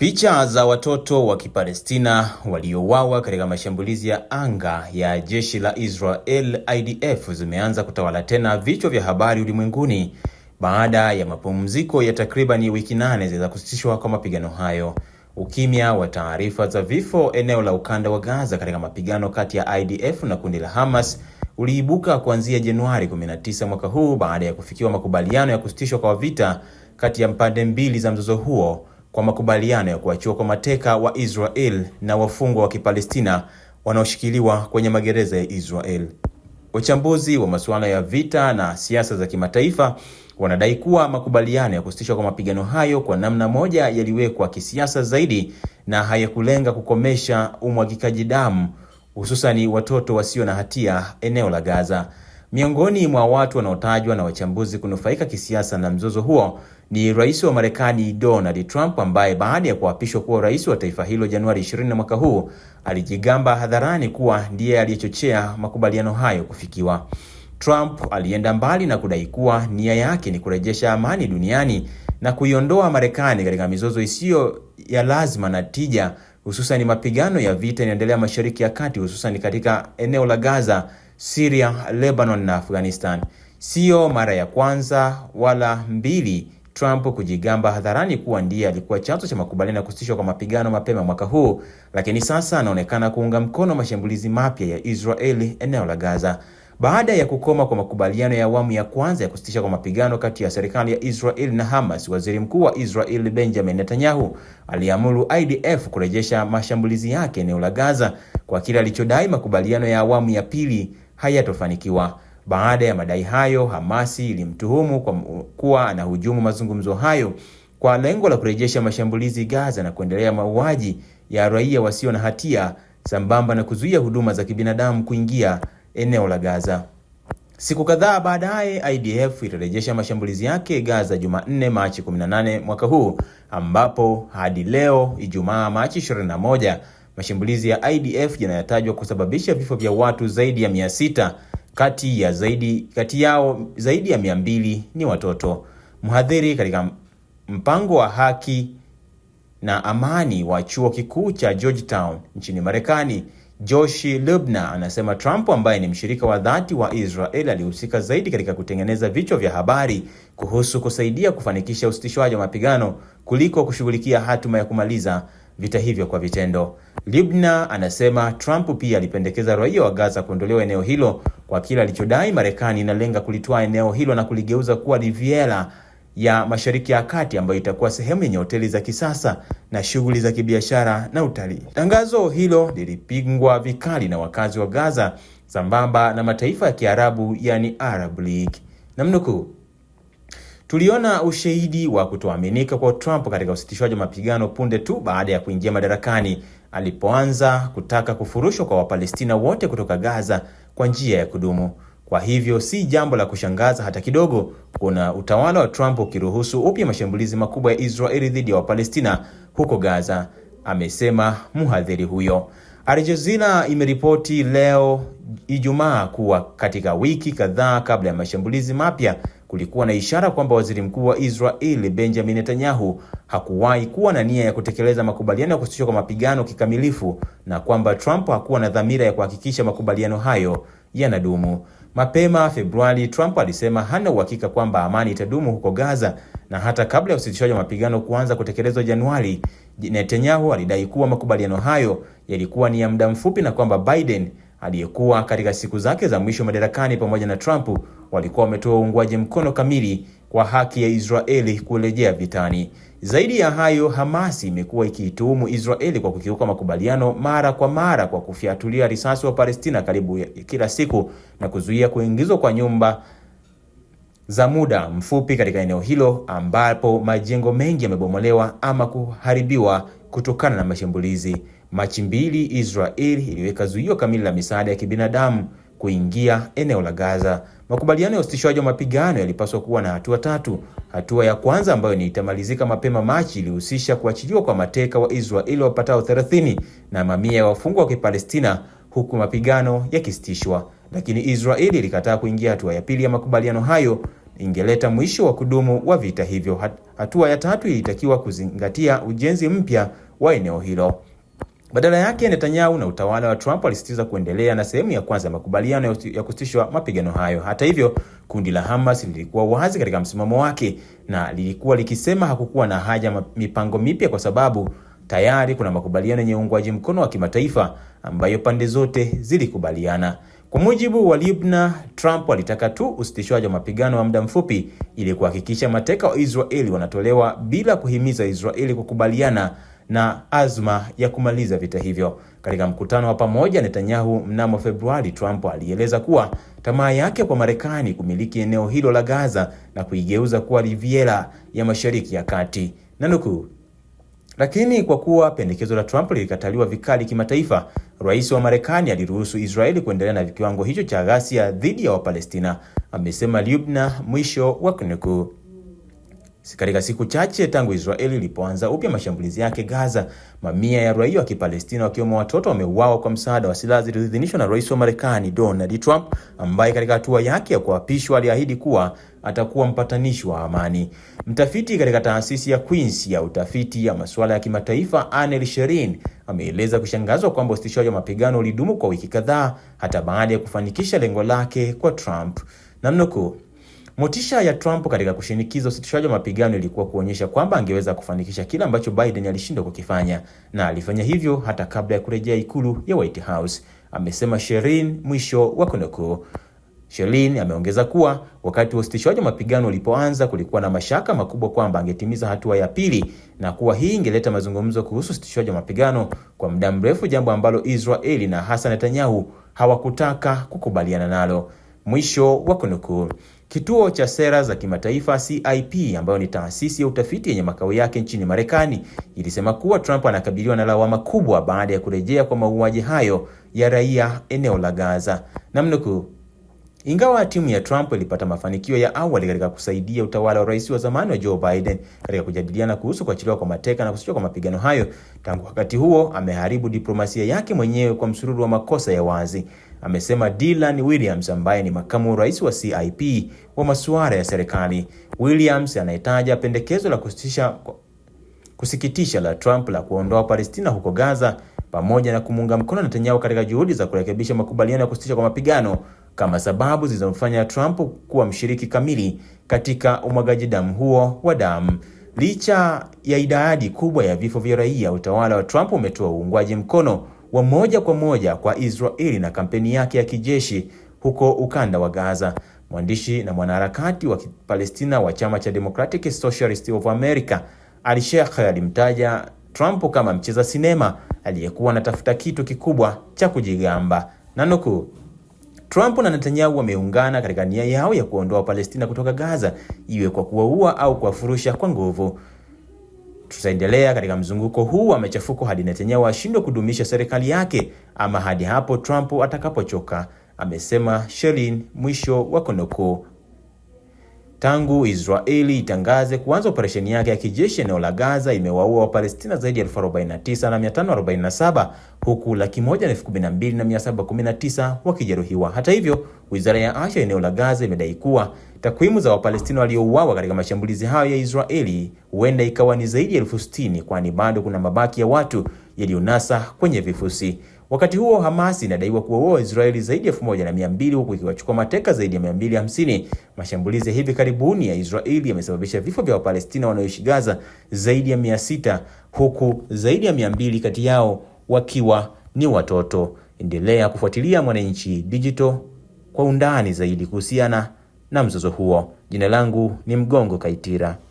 Picha za watoto wa Kipalestina waliouawa katika mashambulizi ya anga ya jeshi la Israel IDF zimeanza kutawala tena vichwa vya habari ulimwenguni baada ya mapumziko ya takribani wiki nane za kusitishwa kwa mapigano hayo. Ukimya wa taarifa za vifo eneo la ukanda wa Gaza katika mapigano kati ya IDF na kundi la Hamas uliibuka kuanzia Januari 19 mwaka huu baada ya kufikiwa makubaliano ya kusitishwa kwa vita kati ya pande mbili za mzozo huo kwa makubaliano ya kuachiwa kwa mateka wa Israel na wafungwa wa Kipalestina wanaoshikiliwa kwenye magereza ya Israel. Wachambuzi wa masuala ya vita na siasa za kimataifa wanadai kuwa makubaliano ya kusitishwa kwa mapigano hayo kwa namna moja yaliwekwa kisiasa zaidi na hayakulenga kukomesha umwagikaji damu, hususani watoto wasio na hatia eneo la Gaza. Miongoni mwa watu wanaotajwa na wachambuzi kunufaika kisiasa na mzozo huo ni rais wa Marekani Donald Trump ambaye baada ya kuapishwa kuwa rais wa taifa hilo Januari 20 mwaka huu alijigamba hadharani kuwa ndiye aliyechochea makubaliano hayo kufikiwa. Trump alienda mbali na kudai kuwa nia yake ni kurejesha amani duniani na kuiondoa Marekani katika mizozo isiyo ya lazima na tija, hususan mapigano ya vita inaendelea Mashariki ya Kati, hususan katika eneo la Gaza, Syria, Lebanon na Afghanistan. Siyo mara ya kwanza wala mbili Trump kujigamba hadharani kuwa ndiye alikuwa chanzo cha makubaliano ya kusitishwa kwa mapigano mapema mwaka huu, lakini sasa anaonekana kuunga mkono mashambulizi mapya ya Israeli eneo la Gaza. Baada ya kukoma kwa makubaliano ya awamu ya kwanza ya kusitisha kwa mapigano kati ya serikali ya Israel na Hamas, waziri mkuu wa Israel Benjamin Netanyahu aliamuru IDF kurejesha mashambulizi yake eneo la Gaza kwa kile alichodai makubaliano ya awamu ya pili hayatofanikiwa. Baada ya madai hayo, Hamasi ilimtuhumu kwa kuwa anahujumu mazungumzo hayo kwa lengo la kurejesha mashambulizi Gaza na kuendelea mauaji ya raia wasio na hatia sambamba na kuzuia huduma za kibinadamu kuingia eneo la Gaza. Siku kadhaa baadaye, IDF ilirejesha mashambulizi yake Gaza Jumanne, Machi 18 mwaka huu, ambapo hadi leo Ijumaa, Machi 21, mashambulizi ya IDF yanayotajwa kusababisha vifo vya watu zaidi ya 600 kati ya zaidi kati yao zaidi ya mia mbili ni watoto. Mhadhiri katika mpango wa haki na amani wa chuo kikuu cha Georgetown nchini Marekani, Josh Lubna anasema Trump ambaye ni mshirika wa dhati wa Israel alihusika zaidi katika kutengeneza vichwa vya habari kuhusu kusaidia kufanikisha usitishwaji wa mapigano kuliko kushughulikia hatima ya kumaliza vita hivyo kwa vitendo. Libna anasema Trump pia alipendekeza raia wa Gaza kuondolewa eneo hilo kwa kile alichodai Marekani inalenga kulitoa eneo hilo na kuligeuza kuwa Riviera ya Mashariki ya Kati ambayo itakuwa sehemu yenye hoteli za kisasa na shughuli za kibiashara na utalii. Tangazo hilo lilipingwa vikali na wakazi wa Gaza sambamba na mataifa ya Kiarabu, yani Arab League. Namnukuu, Tuliona ushahidi wa kutoaminika kwa Trump katika usitishwaji wa mapigano punde tu baada ya kuingia madarakani, alipoanza kutaka kufurushwa kwa Wapalestina wote kutoka Gaza kwa njia ya kudumu. Kwa hivyo si jambo la kushangaza hata kidogo kuna utawala wa Trump ukiruhusu upya mashambulizi makubwa ya Israeli dhidi ya Wapalestina huko Gaza, amesema mhadhiri huyo. Al Jazeera imeripoti leo Ijumaa kuwa katika wiki kadhaa kabla ya mashambulizi mapya kulikuwa na ishara kwamba waziri mkuu wa israel Benjamin Netanyahu hakuwahi kuwa na nia ya kutekeleza makubaliano ya kusitishwa kwa mapigano kikamilifu na kwamba Trump hakuwa na dhamira ya kuhakikisha makubaliano hayo yanadumu. Mapema Februari, Trump alisema hana uhakika kwamba amani itadumu huko Gaza, na hata kabla ya usitishwaji wa mapigano kuanza kutekelezwa Januari, Netanyahu alidai kuwa makubaliano hayo yalikuwa ni ya muda mfupi na kwamba Biden aliyekuwa katika siku zake za mwisho madarakani pamoja na Trump walikuwa wametoa uungwaji mkono kamili kwa haki ya Israeli kurejea vitani. Zaidi ya hayo, Hamasi imekuwa ikiituhumu Israeli kwa kukiuka makubaliano mara kwa mara kwa kufyatulia risasi wa Palestina karibu kila siku na kuzuia kuingizwa kwa nyumba za muda mfupi katika eneo hilo ambapo majengo mengi yamebomolewa ama kuharibiwa kutokana na mashambulizi. Machi mbili, Israel iliweka zuio kamili la misaada ya kibinadamu kuingia eneo la Gaza. Makubaliano ya usitishwaji wa mapigano yalipaswa kuwa na hatua tatu. Hatua ya kwanza ambayo ni itamalizika mapema Machi ilihusisha kuachiliwa kwa mateka wa Israeli wapatao 30 na mamia ya wafungwa wa Kipalestina huku mapigano yakisitishwa, lakini Israeli ilikataa kuingia. Hatua ya pili ya makubaliano hayo ingeleta mwisho wa kudumu wa vita hivyo. Hatua ya tatu ilitakiwa kuzingatia ujenzi mpya wa eneo hilo. Badala yake, Netanyahu na utawala wa Trump walisitiza kuendelea na sehemu ya kwanza ya makubaliano ya kusitishwa mapigano hayo. Hata hivyo, kundi la Hamas lilikuwa wazi katika msimamo wake na lilikuwa likisema hakukuwa na haja mipango mipya kwa sababu tayari kuna makubaliano yenye uungwaji mkono wa kimataifa ambayo pande zote zilikubaliana. Kwa mujibu wa Libna, Trump alitaka tu usitishwaji wa mapigano wa muda mfupi ili kuhakikisha mateka wa Israeli wanatolewa bila kuhimiza Israeli kukubaliana na azma ya kumaliza vita hivyo. Katika mkutano wa pamoja Netanyahu mnamo Februari, Trump alieleza kuwa tamaa yake kwa Marekani kumiliki eneo hilo la Gaza na kuigeuza kuwa Riviera ya Mashariki ya Kati, na nukuu, lakini kwa kuwa pendekezo la Trump lilikataliwa vikali kimataifa, rais wa Marekani aliruhusu Israeli kuendelea na kiwango hicho cha ghasia dhidi ya Wapalestina, amesema Lubna, mwisho wa kunukuu. Katika siku chache tangu Israeli ilipoanza upya mashambulizi yake Gaza, mamia ya raia wa Kipalestina wakiwemo watoto wameuawa kwa msaada wa silaha zilizoidhinishwa na Rais wa Marekani Donald Trump, ambaye katika hatua yake ya kuapishwa aliahidi kuwa atakuwa mpatanishi wa amani. Mtafiti katika taasisi ya Queens ya utafiti ya masuala ya kimataifa, Anel Sherin, ameeleza kushangazwa kwamba usitishaji wa mapigano ulidumu kwa wiki kadhaa hata baada ya kufanikisha lengo lake kwa Trump. Namnukuu, Motisha ya Trump katika kushinikiza usitishaji wa mapigano ilikuwa kuonyesha kwamba angeweza kufanikisha kile ambacho Biden alishindwa kukifanya, na alifanya hivyo hata kabla ya kurejea ikulu ya White House, amesema Sherin. Mwisho wa kunukuu. Sherin ameongeza kuwa wakati wa usitishaji wa mapigano ulipoanza, kulikuwa na mashaka makubwa kwamba angetimiza hatua ya pili na kuwa hii ingeleta mazungumzo kuhusu usitishaji wa mapigano kwa muda mrefu, jambo ambalo Israeli na hasa Netanyahu hawakutaka kukubaliana nalo. Mwisho wa kunukuu. Kituo cha Sera za Kimataifa CIP, ambayo ni taasisi ya utafiti yenye makao yake nchini Marekani, ilisema kuwa Trump anakabiliwa na lawama kubwa baada ya kurejea kwa mauaji hayo ya raia eneo la Gaza. Namnuku, ingawa timu ya Trump ilipata mafanikio ya awali katika kusaidia utawala wa rais wa zamani wa Joe Biden katika kujadiliana kuhusu kuachiliwa kwa mateka na kusitishwa kwa mapigano hayo, tangu wakati huo ameharibu diplomasia yake mwenyewe kwa msururu wa makosa ya wazi, amesema Dylan Williams ambaye ni makamu rais wa CIP wa masuala ya serikali. Williams anayetaja pendekezo la kusitisha, kusikitisha la Trump la kuondoa Palestina huko Gaza pamoja na kumuunga mkono Netanyahu katika juhudi za kurekebisha makubaliano ya kusitisha kwa mapigano kama sababu zilizomfanya Trump kuwa mshiriki kamili katika umwagaji damu huo wa damu. Licha ya idadi kubwa ya vifo vya raia, utawala wa Trump umetoa uungwaji mkono wa moja kwa moja kwa Israeli na kampeni yake ya kijeshi huko ukanda wa Gaza. Mwandishi na mwanaharakati wa Palestina wa chama cha Democratic Socialist of America, Ali Sheikh alimtaja Trump kama mcheza sinema aliyekuwa anatafuta kitu kikubwa cha kujigamba. Nanukuu, Trump na Netanyahu wameungana katika nia yao ya kuondoa Palestina kutoka Gaza, iwe kwa kuwaua au kuwafurusha kwa nguvu. Tutaendelea katika mzunguko huu wa machafuko hadi Netanyahu ashindwe kudumisha serikali yake ama hadi hapo Trump atakapochoka, amesema Sherin. Mwisho wa kunukuu. Tangu Israeli itangaze kuanza operesheni yake ya kijeshi eneo la Gaza, imewaua Wapalestina zaidi ya elfu na 547 huku laki moja na elfu kumi na mbili na mia saba kumi na tisa wakijeruhiwa. Hata hivyo, wizara ya afya eneo la Gaza imedai kuwa takwimu za Wapalestina waliouawa katika mashambulizi hayo ya Israeli huenda ikawa ni zaidi ya elfu sitini kwani bado kuna mabaki ya watu yaliyonasa kwenye vifusi. Wakati huo Hamas inadaiwa kuwaua Waisraeli zaidi ya elfu moja na mia mbili huku ikiwachukua mateka zaidi ya 250. Mashambulizi ya hivi karibuni ya Israeli yamesababisha vifo vya Wapalestina wanaoishi Gaza zaidi ya 600 huku zaidi ya 200 kati yao wakiwa ni watoto. Endelea kufuatilia Mwananchi Digital kwa undani zaidi kuhusiana na mzozo huo. Jina langu ni Mgongo Kaitira.